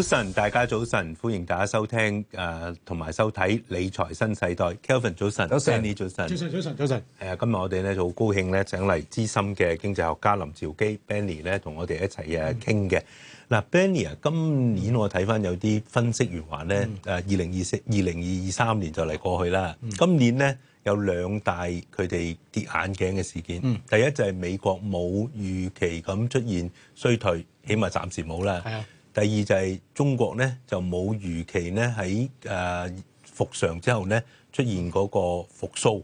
早晨，大家早晨，歡迎大家收聽誒同埋收睇理財新世代。Kelvin 早晨，Benny 早晨，早晨早晨早晨誒，今日我哋咧就好高興咧請嚟資深嘅經濟學家林樵基 Benny 咧同我哋一齊誒傾嘅嗱。Benny 啊，今年我睇翻有啲分析圓環咧誒，二零二四二零二二三年就嚟過去啦。今年咧有兩大佢哋跌眼鏡嘅事件，第一就係美國冇預期咁出現衰退，起碼暫時冇啦。第二就係中國咧就冇預期咧喺誒復常之後咧出現嗰個復甦，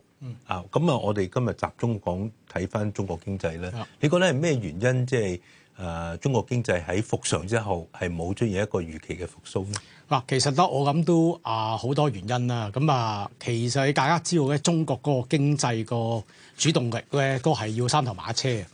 啊咁啊我哋今日集中講睇返中國經濟咧，嗯、你覺得係咩原因即係？就是誒、啊，中國經濟喺復常之後，係冇出現一個預期嘅復甦嗱，其實咧，我諗都啊好多原因啦。咁啊，其實大家知道咧，中國嗰個經濟個主動力咧，都係要三頭馬車嘅。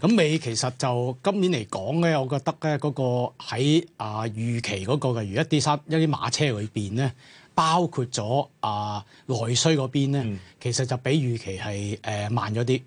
咁美、嗯、其實就今年嚟講咧，我覺得咧嗰、那個喺啊預期嗰個嘅，如一啲三一啲馬車裏邊咧。包括咗啊內需嗰邊咧，嗯、其實就比預期係慢咗啲。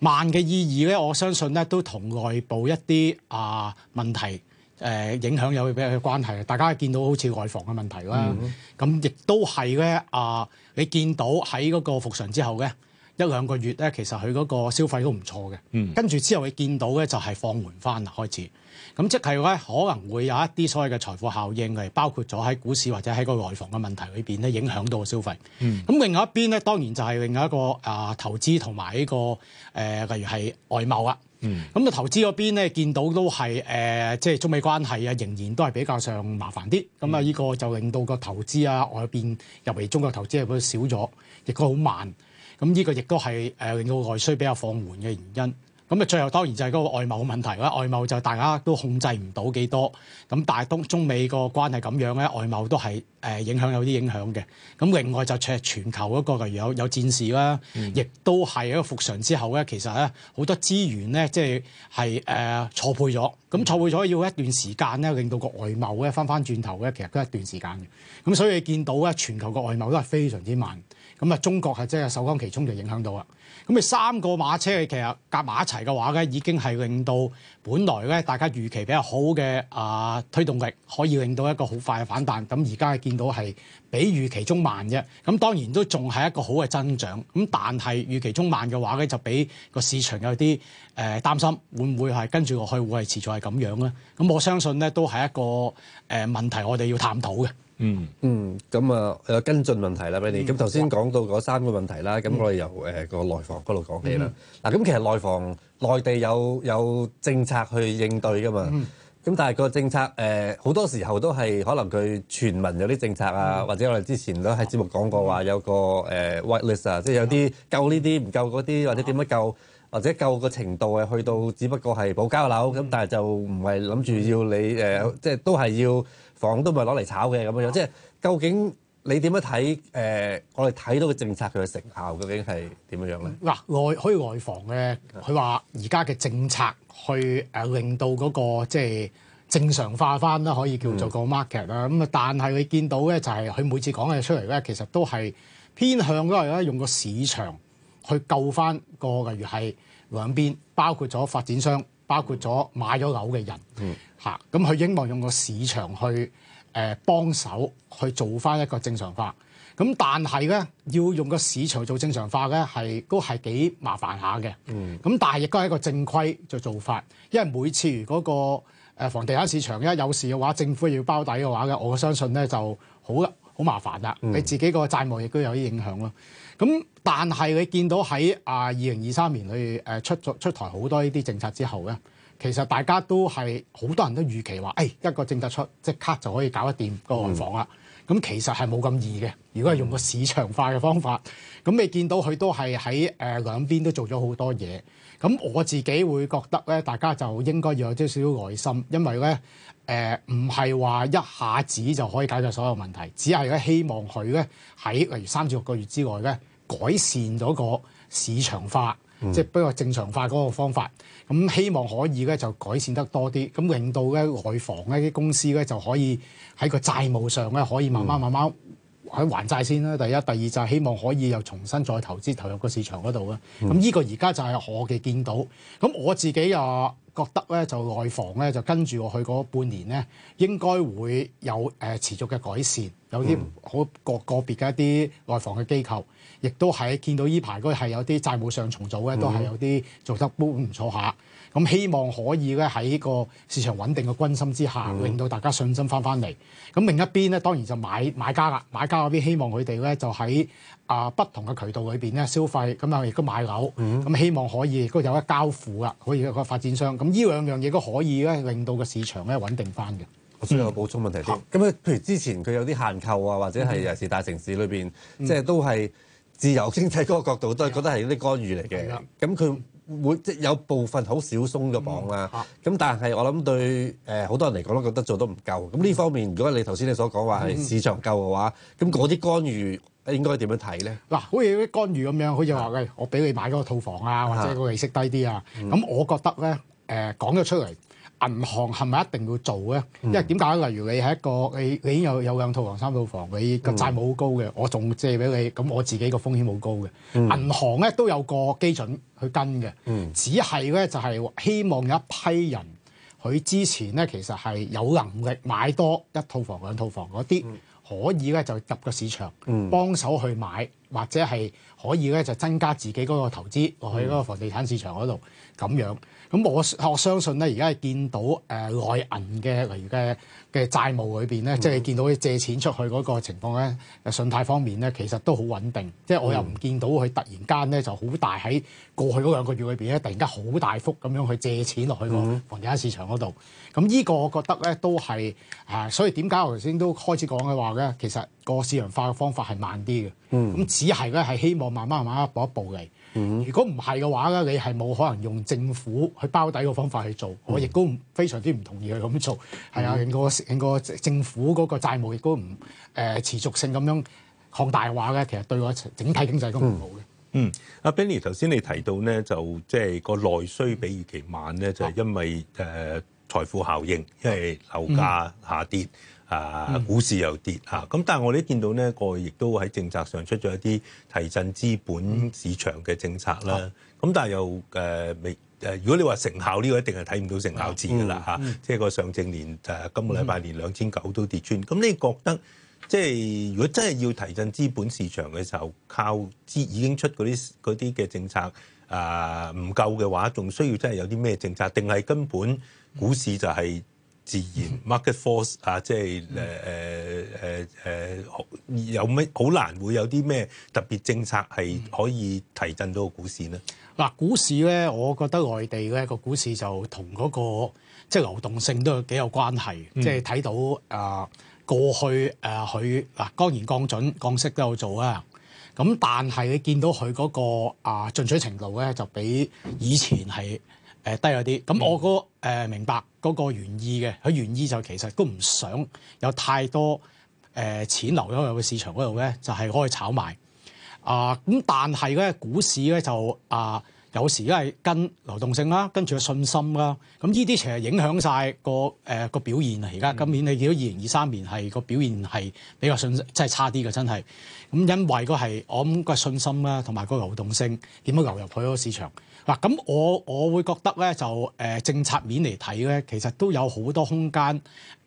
慢嘅、嗯、意義咧，我相信咧都同內部一啲啊問題啊影響有比較嘅關係。大家見到好似外房嘅問題啦，咁亦、嗯、都係咧啊，你見到喺嗰個復常之後呢。一兩個月咧，其實佢嗰個消費都唔錯嘅。嗯，跟住之後你見到咧就係、是、放緩翻啦，開始。咁即係咧可能會有一啲所謂嘅財富效應嘅，包括咗喺股市或者喺個內房嘅問題裏邊咧影響到消費。嗯，咁另外一邊咧當然就係另一個啊、呃、投資同埋呢個誒、呃、例如係外貿啊。嗯，咁嘅投資嗰邊咧見到都係誒即係中美關係啊，仍然都係比較上麻煩啲。咁啊呢個就令到個投資啊外邊入嚟中國投資入邊少咗，亦都好慢。咁呢個亦都係令到外需比較放緩嘅原因。咁啊，最後當然就係嗰個外貿嘅問題啦。外貿就大家都控制唔到幾多。咁但係中中美個關係咁樣咧，外貿都係影響有啲影響嘅。咁另外就除全球嗰個有有戰事啦，亦、嗯、都係一個復常之後咧，其實咧好多資源咧即係係誒錯配咗。咁錯配咗要一段時間咧，令到個外貿咧翻翻轉頭咧，其實都係一段時間嘅。咁所以見到咧，全球個外貿都係非常之慢。咁啊，中國係即係首當其衝就影響到啦。咁你三個馬車其實夾埋一齊嘅話咧，已經係令到本來咧大家預期比較好嘅啊、呃、推動力，可以令到一個好快嘅反彈。咁而家係見到係比預期中慢啫。咁當然都仲係一個好嘅增長。咁但係預期中慢嘅話咧，就俾個市場有啲誒、呃、擔心會唔會，會唔會係跟住落去會係持續係咁樣咧？咁我相信咧都係一個誒、呃、問題，我哋要探討嘅。嗯嗯，咁啊有跟進問題啦，Benny。咁頭先講到嗰三個問題啦，咁我哋由誒個內房嗰度講起啦。嗱，咁其實內房內地有有政策去應對噶嘛。咁但係個政策誒好多時候都係可能佢全民有啲政策啊，或者我哋之前都喺節目講過話有個誒 white list 啊，即係有啲救呢啲唔救嗰啲，或者點樣救，或者救個程度係去到只不過係保交樓，咁但係就唔係諗住要你誒，即係都係要。房都唔係攞嚟炒嘅咁樣樣，即係究竟你點樣睇？誒、呃，我哋睇到嘅政策佢嘅成效究竟係點樣樣咧？嗱，內、可以內房嘅，佢話而家嘅政策去誒、啊、令到嗰、那個即係正常化翻啦，可以叫做個 market 啦、嗯。咁啊，但係你見到咧就係、是、佢每次講嘅出嚟咧，其實都係偏向嗰個咧用個市場去救翻個，例如係兩邊包括咗發展商。包括咗買咗樓嘅人，咁佢希望用個市場去誒、呃、幫手去做翻一個正常化。咁但係咧要用個市場做正常化咧，係都係幾麻煩下嘅。咁、嗯、但係亦都係一個正規嘅做法，因為每次如果個房地產市場一有事嘅話，政府要包底嘅話，我相信咧就好好麻煩啦。嗯、你自己個債務亦都有啲影響啦。咁但係你見到喺啊二零二三年裏，誒出咗出台好多呢啲政策之後咧，其實大家都係好多人都預期話，誒、哎、一個政策出即刻就可以搞一掂個案房啦。咁其實係冇咁易嘅。如果係用個市場化嘅方法，咁你見到佢都係喺誒兩邊都做咗好多嘢。咁我自己會覺得咧，大家就應該要有啲少少耐心，因為咧誒唔係話一下子就可以解決所有問題。只係而家希望佢咧喺例如三至六個月之內咧。改善咗個市場化，即係不過正常化嗰個方法，咁、嗯、希望可以咧就改善得多啲，咁令到咧內房呢啲公司咧就可以喺個債務上咧可以慢慢慢慢喺還債先啦。第一，第二就係希望可以又重新再投資投入個市場嗰度啦。咁呢、嗯、個而家就係我嘅見到，咁我自己啊覺得咧就內房咧就跟住我去嗰半年咧應該會有誒持續嘅改善。有啲好個個別嘅一啲內房嘅機構，亦都係見到依排嗰係有啲債務上重組咧，都係有啲做得都唔錯下。咁希望可以咧喺個市場穩定嘅軍心之下，令到大家信心翻翻嚟。咁另一邊咧，當然就買買家啦，買家嗰邊希望佢哋咧就喺啊不同嘅渠道裏邊咧消費，咁啊亦都買樓，咁希望可以都有得交付啊，可以有一個發展商。咁呢兩樣嘢都可以咧，令到個市場咧穩定翻嘅。嗯、需要補充問題先。咁咧是，譬如之前佢有啲限購啊，或者係尤其是大城市裏邊，即係、嗯、都係自由經濟嗰個角度，都係覺得係啲干預嚟嘅。咁佢的會、嗯、即係有部分好少鬆咗綁啦。咁、嗯、但係我諗對誒好、呃、多人嚟講都覺得做得唔夠。咁呢方面，如果你頭先你所講話係市場夠嘅話，咁嗰啲干預應該點樣睇咧？嗱，好似啲干預咁樣，好似話喂，是我俾你買嗰套房啊，或者個利息低啲啊。咁是、嗯、我覺得咧，誒講咗出嚟。銀行係咪一定要做呢？因為點解？例如你係一個你你有有兩套房三套房，你個債務好高嘅，嗯、我仲借俾你，咁我自己個風險好高嘅。嗯、銀行呢都有個基準去跟嘅，嗯、只係呢就係、是、希望有一批人，佢之前呢其實係有能力買多一套房兩套房嗰啲，嗯、可以呢就入個市場幫手去買，嗯、或者係可以呢就增加自己嗰個投資落去嗰個房地產市場嗰度咁樣。咁我我相信咧，而家係見到誒、呃、內銀嘅例如嘅嘅債務裏邊咧，即係、嗯、見到佢借錢出去嗰個情況咧，信貸方面咧，其實都好穩定。即係、嗯、我又唔見到佢突然間咧就好大喺過去嗰兩個月裏邊咧，突然間好大幅咁樣去借錢落去個房地產市場嗰度。咁呢、嗯、個我覺得咧都係誒，所以點解我頭先都開始講嘅話咧，其實個市場化嘅方法係慢啲嘅。咁、嗯、只係咧係希望慢慢慢慢一步一步嚟。嗯、如果唔係嘅話咧，你係冇可能用政府去包底嘅方法去做，嗯、我亦都非常之唔同意佢咁做。係啊，應該應該政府嗰個債務亦都唔誒持續性咁樣擴大嘅話嘅，其實對我整體經濟都唔好嘅、嗯。嗯，阿 Beny 頭先你提到咧，就即係個內需比預期慢咧，就係、是、因為誒財富效應，啊、因為樓價下跌。啊嗯啊，股市又跌嚇，咁、啊、但係我哋都見到呢個亦都喺政策上出咗一啲提振資本市場嘅政策啦。咁、嗯啊啊、但係又誒未誒？如果你話成效呢個一定係睇唔到成效字㗎啦嚇。即係個上證連誒今個禮拜連兩千九都跌穿。咁、嗯、你覺得即係如果真係要提振資本市場嘅時候，靠資已經出嗰啲嗰啲嘅政策啊唔夠嘅話，仲需要真係有啲咩政策？定係根本股市就係、是？自然、嗯、market force 啊，即係誒誒誒誒，好、呃呃呃、有咩好難會有啲咩特別政策係可以提振到個股市咧？嗱，股市咧，我覺得內地咧個股市就同嗰、那個即係、就是、流動性都有幾有關係，即係睇到啊、呃、過去誒佢嗱，當、呃、然降準降息都有做啊，咁但係你見到佢嗰、那個啊進取程度咧，就比以前係。誒低咗啲，咁我嗰、呃、明白嗰、那個原意嘅，佢原意就其實都唔想有太多誒、呃、錢流咗去個市場嗰度咧，就係、是、可以炒賣啊。咁、呃、但係咧，股市咧就啊、呃，有時都係跟流動性啦、啊，跟住個信心啦、啊，咁呢啲其實影響晒個誒、呃、個表現啊。而家今年你見到二零二三年係個表現係比較信即係差啲嘅，真係。咁因為個係我諗個信心啦、啊，同埋個流動性點樣流入去嗰個市場。嗱，咁我我會覺得咧，就、呃、政策面嚟睇咧，其實都有好多空間。誒、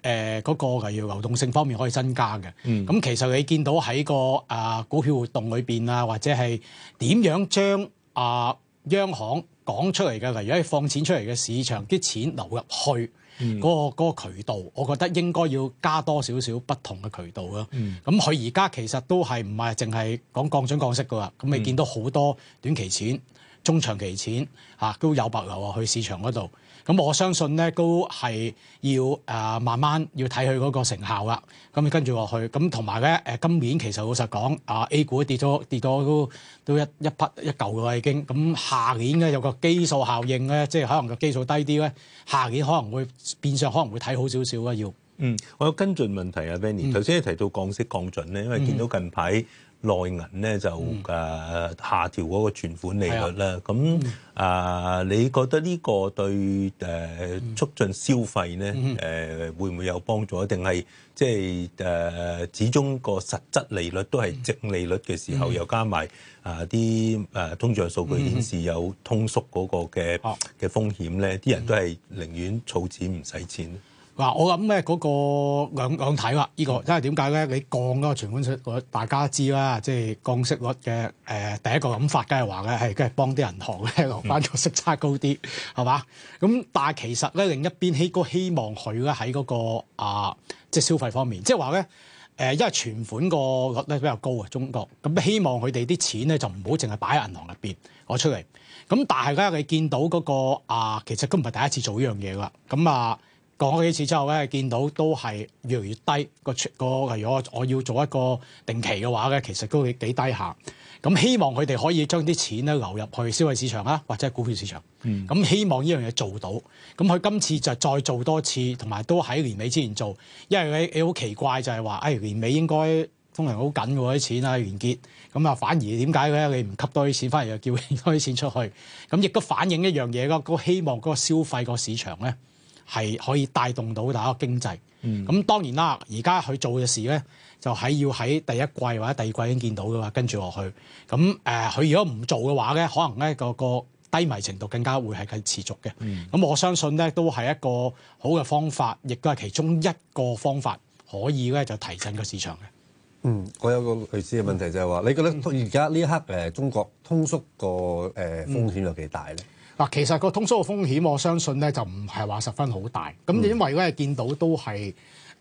呃、嗰、那個嘅要流動性方面可以增加嘅。嗯，咁其實你見到喺、那個啊股票活動裏邊啊，或者係點樣將啊央行講出嚟嘅例如係放錢出嚟嘅市場啲錢流入去嗰、嗯那個嗰、那個、渠道，我覺得應該要加多少少不同嘅渠道咯。嗯，咁佢而家其實都係唔係淨係講降準降息噶啦，咁你見到好多短期錢，中長期錢嚇都有白流啊，去市場嗰度。咁我相信咧，都係要誒、啊、慢慢要睇佢嗰個成效啦。咁跟住落去，咁同埋咧誒，今年其實老實講啊，A 股跌咗跌咗都都一一匹一嚿啦已經。咁下年咧有個基數效應咧，即係可能個基數低啲咧，下年可能會變相可能會睇好少少啊要。嗯，我有跟進問題啊，Benny 頭先你提到降息降準咧，因為見到近排。嗯嗯內銀咧就、嗯、下調嗰個存款利率啦，咁啊那、嗯呃，你覺得呢個對誒促進消費咧誒、嗯呃、會唔會有幫助？定係即係、呃、始終個實質利率都係正利率嘅時候，嗯、又加埋啊啲通脹數據顯示有通縮嗰個嘅嘅、哦、風險咧，啲人都係寧願儲錢唔使錢。嗱，我諗咧嗰個兩兩睇啦，呢個，因為點解咧？你降嗰個存款率，大家知啦，即係降息率嘅誒、呃、第一個諗法，梗係話呢，係，梗係幫啲銀行咧留翻個息差高啲，係嘛？咁但係其實咧，另一邊希哥希望佢咧喺嗰個啊，即係消費方面，即係話咧誒，因為存款個率咧比較高啊，中國咁希望佢哋啲錢咧就唔好淨係擺喺銀行入邊攞出嚟。咁但係咧，你見到嗰個啊，其實都唔係第一次做呢樣嘢啦。咁啊～講咗幾次之後咧，見到都係越嚟越低。個個如果我要做一個定期嘅話咧，其實都幾低下。咁希望佢哋可以將啲錢咧流入去消費市場啊，或者係股票市場。咁、嗯、希望呢樣嘢做到。咁佢今次就再做多次，同埋都喺年尾之前做。因為佢好奇怪就係、是、話，誒、哎、年尾應該通常好緊㗎啲錢啊，結咁啊，反而點解咧？你唔吸多啲錢，返嚟，又叫多啲錢出去。咁亦都反映一樣嘢咯，嗰希望嗰個消費個市場咧。係可以帶動到大家個經濟，咁、嗯、當然啦。而家佢做嘅事咧，就喺、是、要喺第一季或者第二季已經見到噶啦，跟住落去。咁誒，佢、呃、如果唔做嘅話咧，可能咧個個低迷程度更加會係繼續嘅。咁、嗯、我相信咧，都係一個好嘅方法，亦都係其中一個方法可以咧就提振個市場嘅。嗯，我有個類似嘅問題、嗯、就係話，你覺得而家呢一刻誒、呃、中國通縮個誒、呃、風險有幾大咧？嗱，其實個通縮嘅風險，我相信咧就唔係話十分好大。咁因為咧見到都係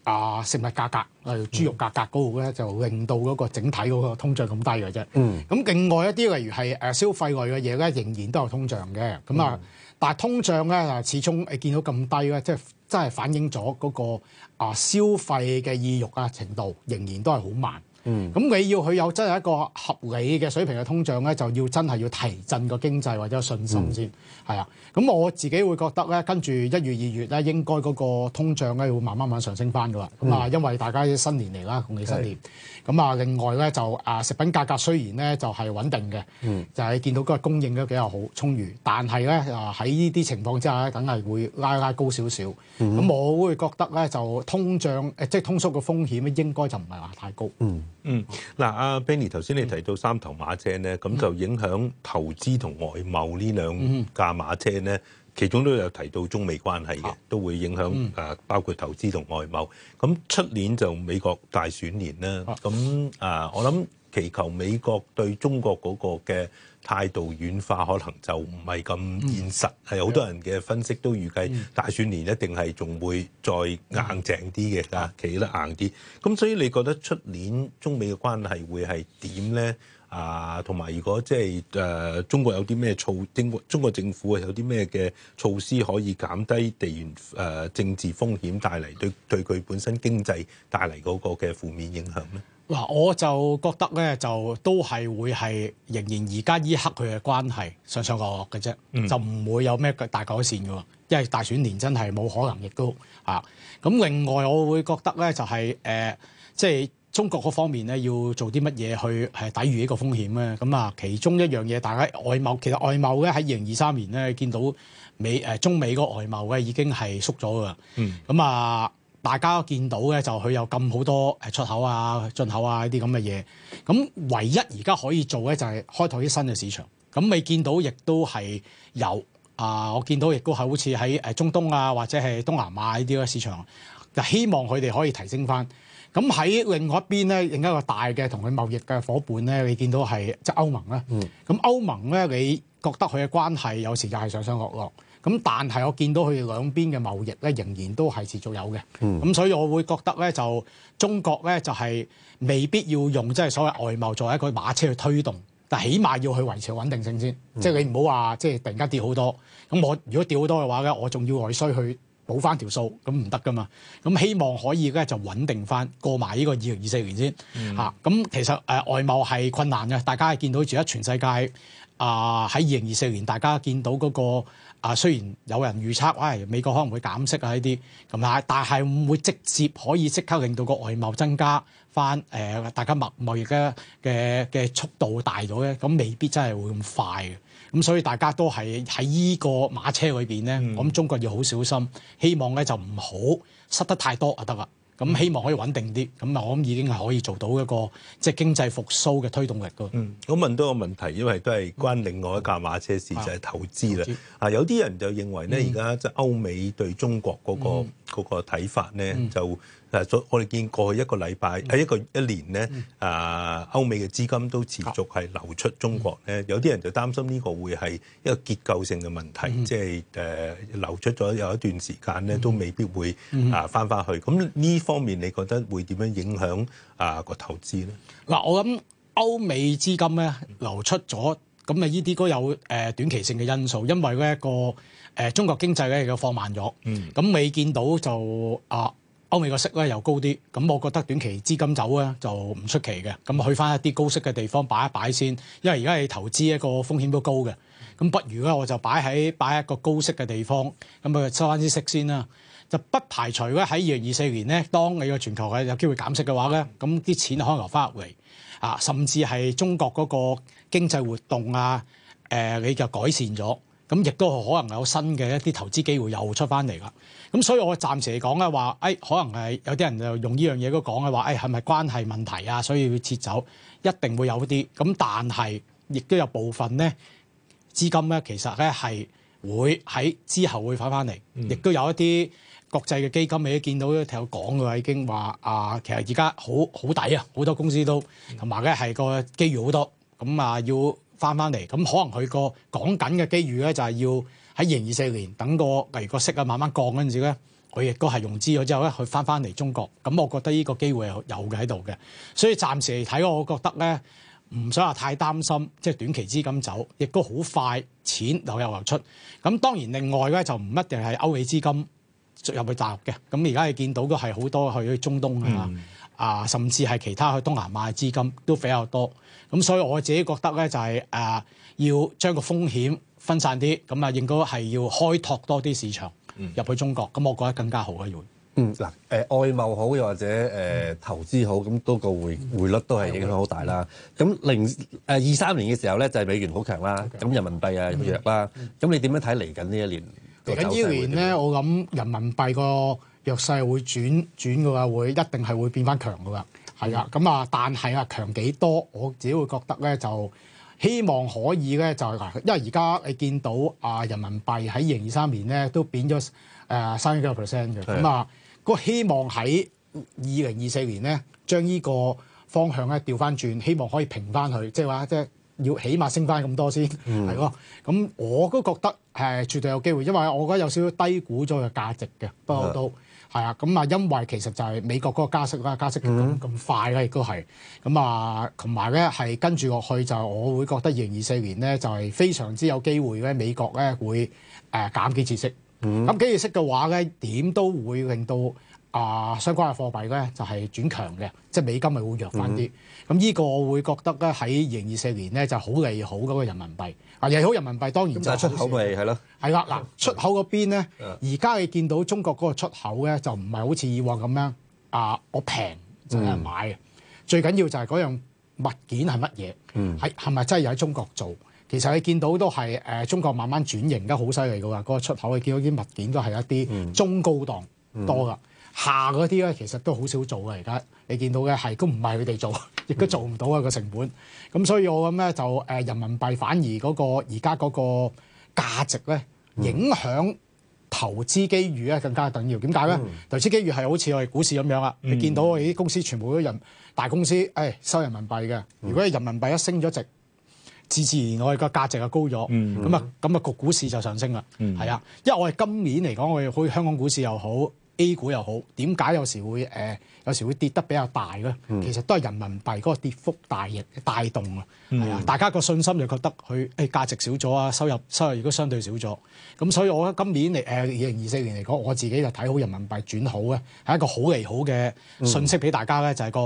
啊，食物價格、例如豬肉價格嗰度咧，嗯、就令到嗰個整體嗰個通脹咁低嘅啫。咁、嗯、另外一啲例如係消費類嘅嘢咧，仍然都有通脹嘅咁啊。嗯、但通脹咧始終你見到咁低咧，即係真係反映咗嗰、嗰個啊消費嘅意欲啊程度仍然都係好慢。咁、嗯、你要佢有真係一個合理嘅水平嘅通脹咧，就要真係要提振個經濟或者信心先，係啊、嗯。咁我自己會覺得咧，跟住一月二月咧，應該嗰個通脹咧會慢慢慢慢上升翻噶啦。咁啊、嗯，因為大家新年嚟啦，恭喜新年。咁啊的、嗯，另外咧就啊，食品價格雖然咧就係、是、穩定嘅，嗯、就係見到嗰個供應都比較好充裕，但係咧啊喺呢啲情況之下咧，梗係會拉拉高少少。咁、嗯、我會覺得咧就通脹即係通縮嘅風險咧，應該就唔係話太高。嗯。嗯，嗱、嗯，阿 Benny 頭先你提到三頭馬車咧，咁就影響投資同外貿呢兩架馬車咧，嗯、其中都有提到中美關係嘅，啊、都會影響，包括投資同外貿，咁出年就美國大選年啦，咁啊，啊，我諗。祈求美國對中國嗰個嘅態度軟化，可能就唔係咁現實。係好、嗯、有多人嘅分析都預計大選年一定係仲會再硬淨啲嘅，企得、嗯、硬啲。咁所以你覺得出年中美嘅關係會係點呢？啊，同埋如果即係誒中國有啲咩措，中國中國政府有啲咩嘅措施可以減低地緣誒、啊、政治風險帶嚟對對佢本身經濟帶嚟嗰個嘅負面影響呢？嗱，我就覺得咧，就都係會係仍然而家依刻佢嘅關係上上落落嘅啫，嗯、就唔會有咩大改善嘅喎，因為大選年真係冇可能，亦都咁另外，我會覺得咧，就係呃，即係中國嗰方面咧，要做啲乜嘢去係抵禦呢個風險咧？咁啊，其中一樣嘢，大家外貿其實外貿咧喺二零二三年咧，見到美、呃、中美個外貿咧已經係縮咗㗎。嗯，咁啊。大家見到咧，就佢有咁好多出口啊、進口啊呢啲咁嘅嘢。咁唯一而家可以做咧，就係開拓啲新嘅市場。咁你見到，亦都係有啊。我見到亦都係好似喺中東啊，或者係東南亞呢啲嘅市場。就希望佢哋可以提升翻。咁喺另外一邊咧，另一個大嘅同佢貿易嘅伙伴咧，你見到係即係歐盟啦。咁、嗯、歐盟咧，你覺得佢嘅關係有時就係上上落落。咁，但係我見到佢哋兩邊嘅貿易咧，仍然都係持續有嘅。咁、嗯、所以我會覺得咧，就中國咧就係、是、未必要用即係、就是、所謂外貿作為一個馬車去推動，但起碼要去維持穩定性先。嗯、即係你唔好話即係突然間跌好多咁。我如果跌好多嘅話咧，我仲要內需去補翻條數，咁唔得噶嘛。咁希望可以咧就穩定翻過埋呢個二零二四年先咁、嗯啊、其實、呃、外貿係困難嘅，大家見到而家全世界啊喺二零二四年，大家見到嗰、那個。啊，雖然有人預測，喂、哎，美國可能會減息啊，呢啲咁啊，但係會直接可以即刻令到個外貿增加翻，誒、呃，大家貿貿易嘅嘅嘅速度大咗咧，咁未必真係會咁快嘅，咁所以大家都係喺依個馬車裏邊咧，咁、嗯、中國要好小心，希望咧就唔好失得太多啊得啦。咁希望可以穩定啲，咁我諗已經係可以做到一個即係、就係、經濟復甦嘅推動力咯。嗯，我問多個問題，因為都係關另外一架馬車事，嗯、就係投資啦。資啊，有啲人就認為咧，而家即係歐美對中國嗰、嗰個嗰個睇、嗯、法咧、嗯、就。嗱、啊，我哋見過去一個禮拜喺一個一年咧，啊，歐美嘅資金都持續係流出中國咧。有啲人就擔心呢個會係一個結構性嘅問題，嗯、即係誒、啊、流出咗有一段時間咧，都未必會啊返返去。咁呢方面，你覺得會點樣影響啊個投資咧？嗱，我諗歐美資金咧流出咗，咁啊呢啲都有誒短期性嘅因素，因為咧一個誒中國經濟咧又放慢咗，咁未、嗯、見到就啊。歐美個息咧又高啲，咁我覺得短期資金走咧就唔出奇嘅。咁去翻一啲高息嘅地方擺一擺先，因為而家係投資一個風險都高嘅。咁不如咧我就擺喺擺一個高息嘅地方，咁咪收翻啲息先啦。就不排除咧喺二零二四年咧，當你個全球係有機會減息嘅話咧，咁啲錢可能流翻入嚟啊。甚至係中國嗰個經濟活動啊，啊你就改善咗，咁亦都可能有新嘅一啲投資機會又出翻嚟啦。咁所以我暫時嚟講咧，話、哎、誒可能係有啲人就用呢樣嘢都講嘅話，誒係咪關係問題啊？所以要撤走，一定會有啲。咁但係亦都有部分咧資金咧，其實咧係會喺之後會返翻嚟，亦、嗯、都有一啲國際嘅基金，你都見到有講嘅，已經話啊，其實而家好好抵啊，好多公司都同埋咧係個機遇好多。咁啊要翻翻嚟，咁可能佢個講緊嘅機遇咧就係要。喺二零二四年等個例如個息啊慢慢降嗰陣時咧，佢亦都係融資咗之後咧，去翻翻嚟中國。咁我覺得呢個機會係有嘅喺度嘅。所以暫時嚟睇，我覺得咧唔使話太擔心，即係短期資金走，亦都好快錢流入流，流出。咁當然另外咧就唔一定係歐美資金入去大陸嘅。咁而家你見到都係好多去中東、嗯、啊，啊甚至係其他去東南亞資金都比較多。咁所以我自己覺得咧就係、誒、要將個風險。分散啲，咁啊應該係要開拓多啲市場、嗯、入去中國，咁我覺得更加好嘅會。嗯，嗱、呃，誒外貿好又或者誒、呃、投資好，咁多個匯、嗯、匯率都係影響好大啦。咁零誒二三年嘅時候咧，就係、是、美元好強啦，咁 Okay, 人民幣啊弱啦。咁你點樣睇嚟緊呢一年嚟緊呢年咧？我諗人民幣個弱勢會轉轉㗎會，一定係會變返強㗎。係啊，咁啊、嗯，但係啊，強幾多？我自己會覺得咧就。希望可以咧就係，因為而家你見到啊人民幣喺二零二三年咧都貶咗誒三幾個 percent 嘅，咁啊個希望喺二零二四年咧將呢個方向咧調翻轉，希望可以平翻去，即係話即係要起碼升翻咁多先，係咯、嗯。咁我都覺得係絕對有機會，因為我覺得有少少低估咗嘅價值嘅，不過都。係啊，咁啊，因為其實就係美國嗰個加息啦，加息咁咁快咧，亦都係咁啊，同埋咧係跟住落去就，我會覺得二零二四年咧就係、是、非常之有機會咧，美國咧會誒、呃、減幾次息。咁、嗯、幾次息嘅話咧，點都會令到啊、呃、相關嘅貨幣咧就係、是、轉強嘅，即係美金係會弱翻啲。咁呢、嗯、個我會覺得咧喺二零二四年咧就好、是、利好嗰個人民幣。啊，又好，人民幣當然就係、出口咪係咯，係啦，嗱出口嗰邊咧，而家的你見到中國嗰個出口咧就唔係好似以往咁樣啊，我平就有人買嘅。嗯、最緊要就係嗰樣物件係乜嘢，係係咪真係又喺中國做？其實你見到都係、呃、中國慢慢轉型得好犀利㗎喎，嗰、嗰個出口你見到啲物件都係一啲中高檔多㗎。嗯嗯多下嗰啲咧，其實都好少做嘅。而家你見到嘅係，都唔係佢哋做，亦都做唔到啊個、嗯、成本。咁所以我諗咧就、呃、人民幣反而嗰、嗰個而家嗰個價值咧，嗯、影響投資機遇咧更加緊要。點解咧？嗯、投資機遇係好似我哋股市咁樣啊！嗯、你見到我哋啲公司全部都人大公司，誒、哎、收人民幣嘅。嗯、如果人民幣一升咗值，自自然我哋個價值就高咗。咁啊、嗯，咁啊個股市就上升啦。係啊、嗯，因為我哋今年嚟講，我哋好似香港股市又好。A 股又好，點解有時會誒、呃、有時會跌得比較大咧？嗯、其實都係人民幣嗰個跌幅大嘅帶動啊，係啊、嗯呃，大家個信心就覺得佢誒價值少咗啊，收入收入亦都相對少咗，咁所以我覺得今年嚟誒二零二四年嚟講，我自己就睇好人民幣轉好咧，係一個好利好嘅信息俾大家咧，嗯、就係個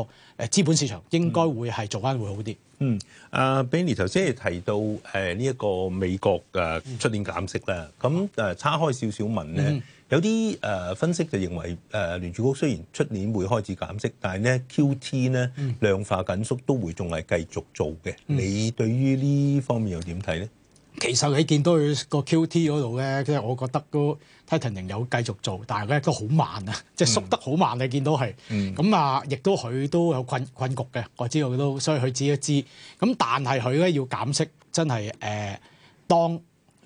誒資本市場應該會係做翻會好啲。嗯，阿 Benny 頭先係提到誒呢一個美國嘅出年減息咧，咁誒差開少少問咧。嗯有啲誒分析就認為誒聯儲局雖然出年會開始減息，但係咧 QT 咧量化緊縮都會仲係繼續做嘅。嗯嗯、你對於呢方面又點睇咧？其實你見到佢個 QT 嗰度咧，其實我覺得都 Tightening 有繼續做，但係佢都好慢啊，嗯、即係縮得好慢你見到係。咁啊、嗯，亦都佢都有困困局嘅。我知道佢都，所以佢只一知。咁但係佢咧要減息，真係誒當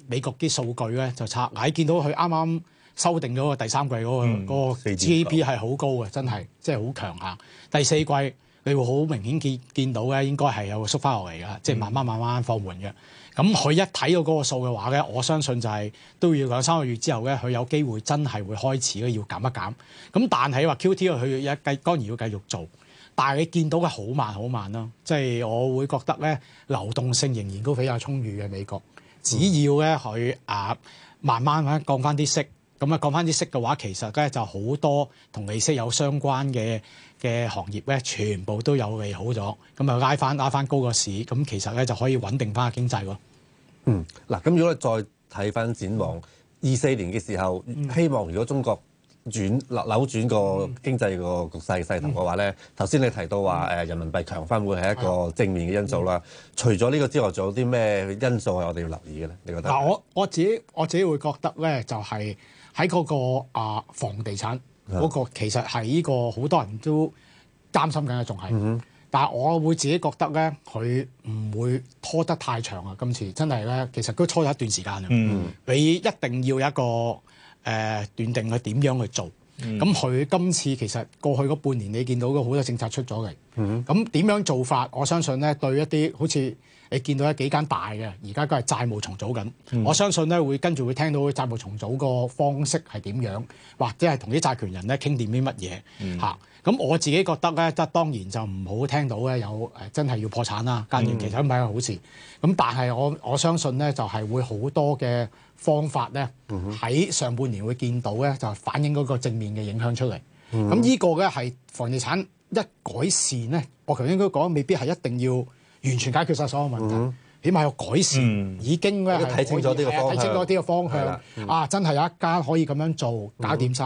美國啲數據咧就拆，你，見到佢啱啱。修定咗個第三季嗰、那個 GDP 係好高嘅，嗯、真係即係好強呀。第四季你會好明顯見，見到咧，應該係有縮翻落嚟㗎，即係、嗯、慢慢慢慢放緩嘅。咁佢一睇到嗰個數嘅話咧，我相信就係都要兩三個月之後咧，佢有機會真係會開始咧要減一減。咁但係話 QT 佢一繼當然要繼續做，但係你見到嘅好慢好慢咯。即、就、係、是、我會覺得咧，流動性仍然都比較充裕嘅美國，只要咧佢啊慢慢咧降翻啲息。咁啊，講翻啲息嘅話，其實咧就好多同利息有相關嘅嘅行業咧，全部都有利好咗。咁啊，拉翻拉翻高個市，咁其實咧就可以穩定翻個經濟喎。嗯，嗱，咁如果你再睇翻展望，二四年嘅時候，嗯、希望如果中國轉扭轉個經濟個局勢勢頭嘅話咧，頭先、嗯嗯、你提到話人民幣強翻會係一個正面嘅因素啦。嗯嗯、除咗呢個之外，仲有啲咩因素係我哋要留意嘅咧？你覺得嗱，我我自己我自己會覺得咧，就係、係。喺嗰、那個啊房地產嗰的個，這個，其實係呢個好多人都擔心緊嘅，仲係。嗯、但係我會自己覺得咧，佢唔會拖得太長啊！今次真係咧，其實都拖咗一段時間啦。嗯、你一定要有一個誒、呃、斷定佢點樣去做。咁佢、嗯、今次其實過去嗰半年你見到好多政策出咗嚟，咁點、嗯、樣做法？我相信呢，對一啲好似你見到一幾間大嘅，而家都係債務重組緊，嗯、我相信呢，會跟住會聽到債務重組個方式係點樣，或者係同啲債權人呢傾掂啲乜嘢嚇。咁我自己覺得咧，得當然就唔好聽到咧有誒真係要破產啦，間斷其他唔係好事。咁、嗯、但係我我相信咧，就係會好多嘅方法咧，喺上半年會見到咧，就反映嗰個正面嘅影響出嚟。咁呢、嗯、個咧係房地產一改善咧，我頭應該講未必係一定要完全解決晒所有問題。嗯嗯起碼有改善，已經咧係可以睇、嗯、清楚啲嘅方向。啊，真係有一間可以咁樣做，搞掂晒，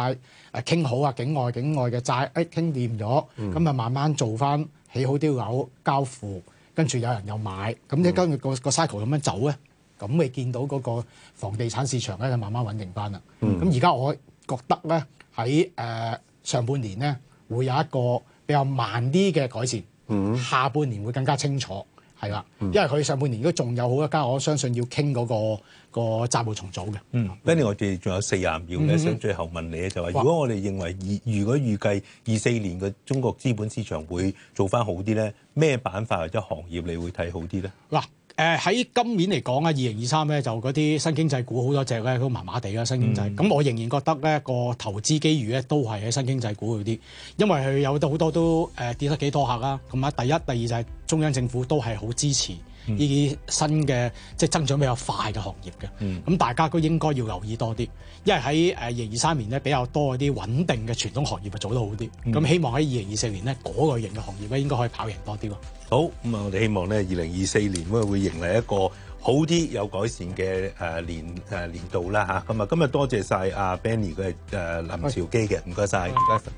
傾、嗯啊、好啊境外境外嘅債，傾掂咗，咁啊、嗯、慢慢做翻起好啲樓，交付跟住有人又買，咁你跟住、個個 cycle 咁樣走咧，咁你見到嗰個房地產市場咧就慢慢穩定翻啦。咁而家我覺得咧喺、呃、上半年咧會有一個比較慢啲嘅改善，嗯、下半年會更加清楚。係啦，因為佢上半年如果仲有好一家，我相信要傾嗰、嗰個、嗰個債務重組嘅。嗯，Benny，、嗯、我哋仲有四十秒咧，嗯、想最後問你咧就係，嘩如果我哋認為二如果預計二四年嘅中國資本市場會做翻好啲咧，咩板塊或者行業你會睇好啲咧？嗱。誒喺、呃、今年嚟講啊，二零二三咧就嗰啲新經濟股好多隻咧都麻麻地啦，新經濟。咁、嗯、我仍然覺得咧個投資機遇咧都係喺新經濟股嗰啲，因為佢有得好多都、呃、跌得幾多客啦。咁啊，第一、第二就係中央政府都係好支持呢啲新嘅、嗯、即係增長比較快嘅行業嘅。咁、嗯、大家都應該要留意多啲，因為喺誒二零二三年咧比較多嗰啲穩定嘅傳統行業啊做得好啲。咁、嗯、希望喺二零二四年咧嗰類型嘅行業咧應該可以跑贏多啲。好，咁啊，我哋希望咧，二零二四年咁會迎嚟一個好啲、有改善嘅誒年誒年度啦吓，咁啊，今日多謝晒啊 Benny 佢係誒林樵基嘅，唔該晒。唔該。